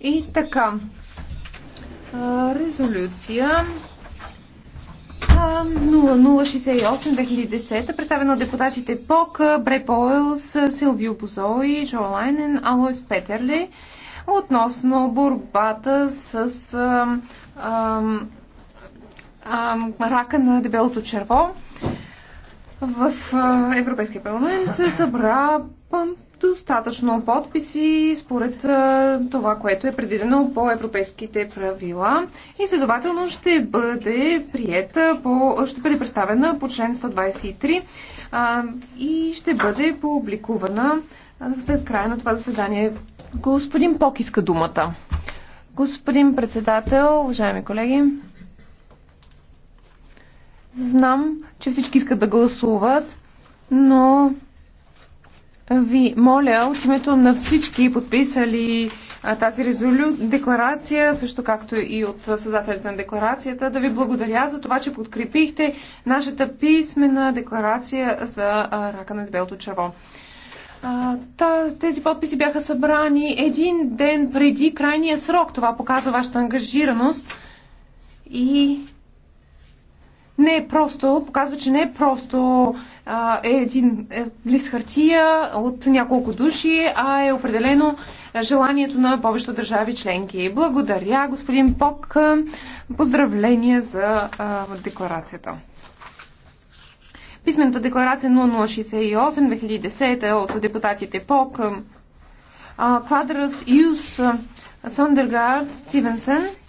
И така, резолюция 0068-2010, представена от депутатите ПОК, Бре Поелс, Силвио Бозои, Джо Лайнен, Алоис Петерли, относно борбата с а, а, а, рака на дебелото черво в Европейския парламент се събра достатъчно подписи според това, което е предвидено по европейските правила и следователно ще бъде приета по, ще бъде представена по член 123 и ще бъде публикувана след края на това заседание. Господин Пок иска думата. Господин председател, уважаеми колеги, знам, че всички искат да гласуват, но ви моля от името на всички подписали тази резолю... декларация, също както и от създателите на декларацията, да ви благодаря за това, че подкрепихте нашата писмена декларация за рака на дебелото черво. Тези подписи бяха събрани един ден преди крайния срок. Това показва вашата ангажираност и не е просто, показва, че не е просто а, е един е, лист хартия от няколко души, а е определено желанието на повечето държави членки. Благодаря, господин Пок. Поздравления за а, декларацията. Писмената декларация 0068-2010 е от депутатите ПОК, Квадрас Юс Сондергард Стивенсън,